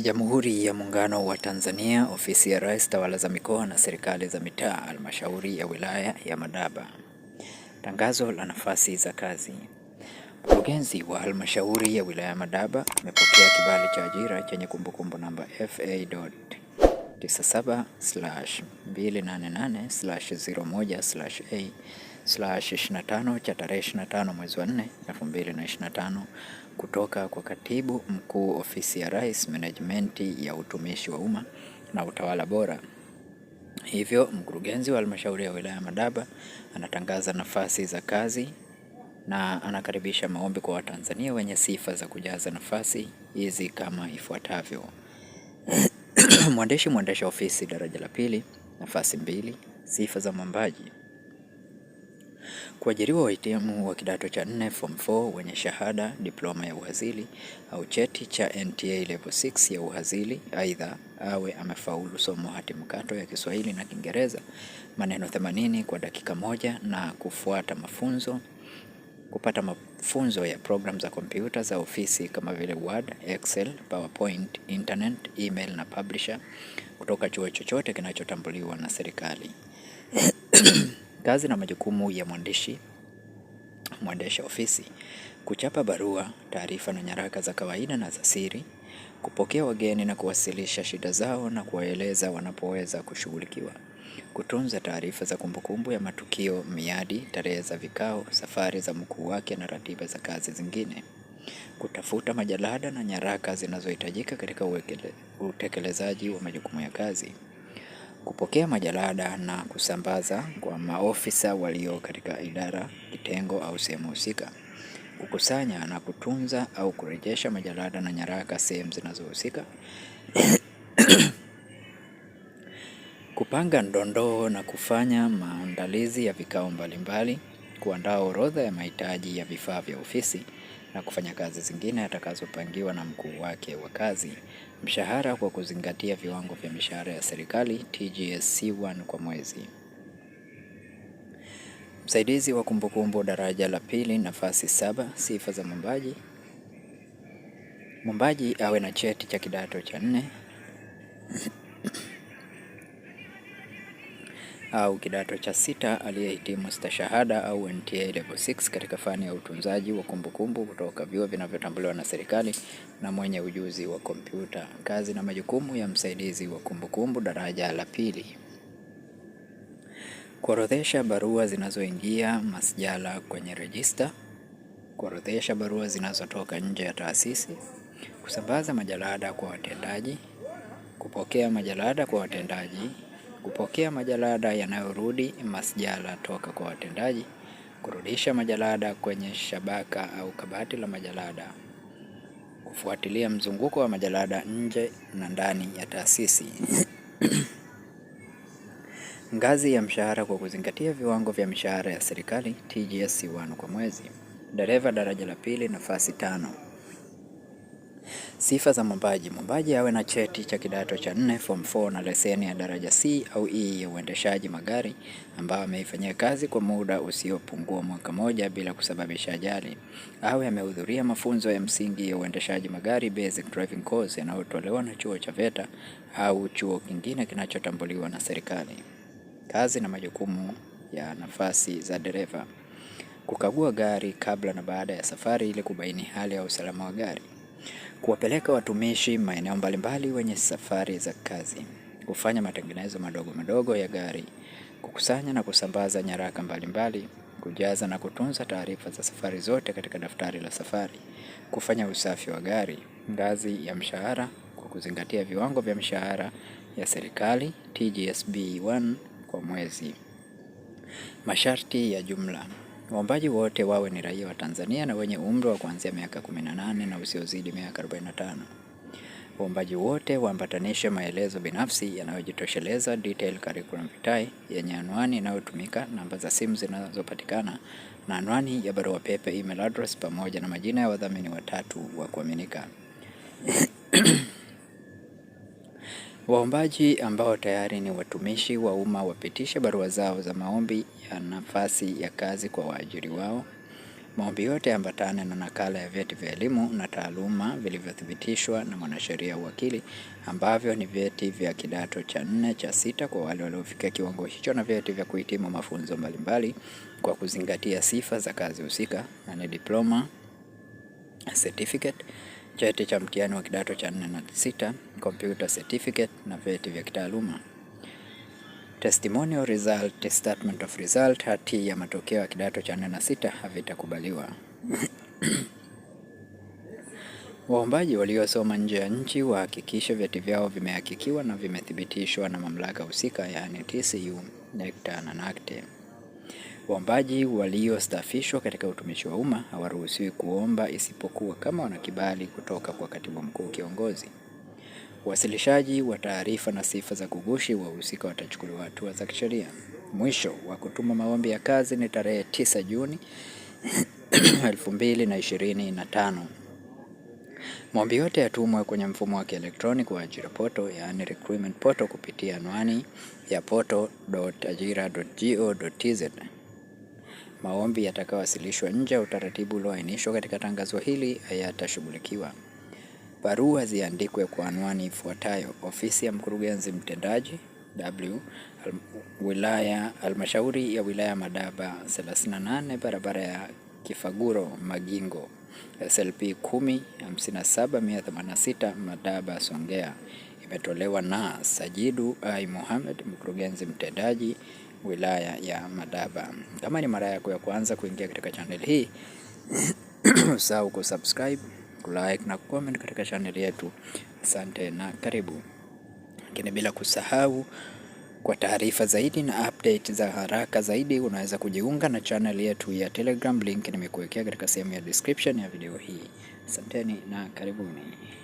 Jamhuri ya Muungano wa Tanzania, Ofisi ya Rais, Tawala za Mikoa na Serikali za Mitaa, Halmashauri ya Wilaya ya Madaba. Tangazo la nafasi za kazi. Mkurugenzi wa Halmashauri ya Wilaya ya Madaba amepokea kibali cha ajira chenye kumbukumbu namba FA.97/288/01/A 25 cha tarehe 25 mwezi wa 4 2025 kutoka kwa Katibu Mkuu Ofisi ya Rais management ya Utumishi wa Umma na Utawala Bora. Hivyo, mkurugenzi wa halmashauri ya wilaya Madaba anatangaza nafasi za kazi na anakaribisha maombi kwa Watanzania wenye sifa za kujaza nafasi hizi kama ifuatavyo: mwandishi mwendesha ofisi daraja la pili, nafasi mbili. Sifa za mwombaji: Kuajiriwa wahitimu wa kidato cha nne form 4 wenye shahada, diploma ya uhazili au cheti cha NTA level 6 ya uhazili, aidha awe amefaulu somo hati mkato ya Kiswahili na Kiingereza maneno 80 kwa dakika moja na kufuata mafunzo kupata mafunzo ya programu za kompyuta za ofisi kama vile Word, Excel, PowerPoint, Internet, email na publisher kutoka chuo chochote kinachotambuliwa na serikali Kazi na majukumu ya mwandishi mwendesha ofisi: kuchapa barua, taarifa na nyaraka za kawaida na za siri, kupokea wageni na kuwasilisha shida zao na kuwaeleza wanapoweza kushughulikiwa, kutunza taarifa za kumbukumbu ya matukio, miadi, tarehe za vikao, safari za mkuu wake na ratiba za kazi zingine, kutafuta majalada na nyaraka zinazohitajika katika utekelezaji wa majukumu ya kazi kupokea majalada na kusambaza kwa maofisa walio katika idara, kitengo au sehemu husika, kukusanya na kutunza au kurejesha majalada na nyaraka sehemu zinazohusika kupanga ndondoo na kufanya maandalizi ya vikao mbalimbali, kuandaa orodha ya mahitaji ya vifaa vya ofisi na kufanya kazi zingine atakazopangiwa na mkuu wake wa kazi. Mshahara kwa kuzingatia viwango vya mishahara ya serikali TGSC1 kwa mwezi. Msaidizi wa kumbukumbu daraja la pili, nafasi saba. Sifa za mwombaji: mwombaji awe na cheti cha kidato cha nne au kidato cha sita aliyehitimu stashahada au NTA level 6 katika fani ya utunzaji wa kumbukumbu kutoka vyuo vinavyotambuliwa na serikali na mwenye ujuzi wa kompyuta. Kazi na majukumu ya msaidizi wa kumbukumbu daraja la pili: kuorodhesha barua zinazoingia masjala kwenye rejista, kuorodhesha barua zinazotoka nje ya taasisi, kusambaza majalada kwa watendaji, kupokea majalada kwa watendaji kupokea majalada yanayorudi masjala toka kwa watendaji, kurudisha majalada kwenye shabaka au kabati la majalada, kufuatilia mzunguko wa majalada nje na ndani ya taasisi. Ngazi ya mshahara kwa kuzingatia viwango vya mishahara ya serikali TGS 1 kwa mwezi. Dereva daraja la pili, nafasi tano. Sifa za mwombaji: mwombaji awe na cheti cha kidato cha nne form 4 na leseni ya daraja C au E ya uendeshaji magari ambayo ameifanyia kazi kwa muda usiopungua mwaka moja bila kusababisha ajali. Awe amehudhuria mafunzo ya msingi ya uendeshaji magari basic driving course yanayotolewa na chuo cha VETA au chuo kingine kinachotambuliwa na serikali. Kazi na majukumu ya nafasi za dereva: kukagua gari kabla na baada ya safari ili kubaini hali ya usalama wa gari kuwapeleka watumishi maeneo mbalimbali wenye safari za kazi, kufanya matengenezo madogo madogo ya gari, kukusanya na kusambaza nyaraka mbalimbali kujaza na kutunza taarifa za safari zote katika daftari la safari, kufanya usafi wa gari, ngazi ya mshahara kwa kuzingatia viwango vya mshahara ya serikali TGSB 1 kwa mwezi, masharti ya jumla. Waombaji wote wawe ni raia wa Tanzania na wenye umri wa kuanzia miaka 18 na usiozidi miaka 45. Waombaji wote waambatanishe maelezo binafsi yanayojitosheleza detail curriculum vitae yenye anwani inayotumika, namba za simu zinazopatikana na anwani ya barua pepe email address, pamoja na majina ya wadhamini watatu wa kuaminika. Waombaji ambao tayari ni watumishi wa umma wapitishe barua zao za maombi ya nafasi ya kazi kwa waajiri wao. Maombi yote yaambatane na nakala ya vyeti vya elimu na taaluma vilivyothibitishwa na mwanasheria wakili, ambavyo ni vyeti vya kidato cha nne cha sita kwa wale waliofikia kiwango hicho na vyeti vya kuhitimu mafunzo mbalimbali kwa kuzingatia sifa za kazi husika, na diploma certificate cheti cha mtihani wa kidato cha nne na sita, computer certificate na vyeti vya kitaaluma. Testimonial result, statement of result, hati ya matokeo ya kidato cha nne na sita havitakubaliwa. Waombaji waliosoma nje ya nchi wahakikishe vyeti vyao vimehakikiwa na vimethibitishwa na mamlaka husika, yaani TCU, NECTA na NACTE. Waombaji waliostafishwa katika utumishi wa umma hawaruhusiwi kuomba isipokuwa kama wana kibali kutoka kwa katibu mkuu kiongozi. Wasilishaji wa taarifa na sifa za kugushi, wahusika watachukuliwa hatua za kisheria. Mwisho wa kutuma maombi ya kazi ni tarehe 9 Juni 2025. Maombi yote yatumwe kwenye mfumo wa kielektroniki wa ajira poto, yaani recruitment poto, kupitia anwani ya poto.ajira.go.tz. Maombi yatakayowasilishwa nje ya utaratibu ulioainishwa katika tangazo hili hayatashughulikiwa. Barua ziandikwe kwa anwani ifuatayo: ofisi ya mkurugenzi mtendaji W wilaya halmashauri ya wilaya Madaba 38 barabara ya Kifaguro Magingo SLP 1057186 Madaba Songea. Imetolewa na Sajidu I Mohamed mkurugenzi mtendaji wilaya ya Madaba. Kama ni mara yako ya kwanza kuingia katika channel hii usahau ku kulike na comment katika channel yetu. Asante na karibu. Lakini bila kusahau kwa taarifa zaidi na update za haraka zaidi unaweza kujiunga na channel yetu ya Telegram, link nimekuwekea katika sehemu ya description ya video hii. Asanteni na karibuni.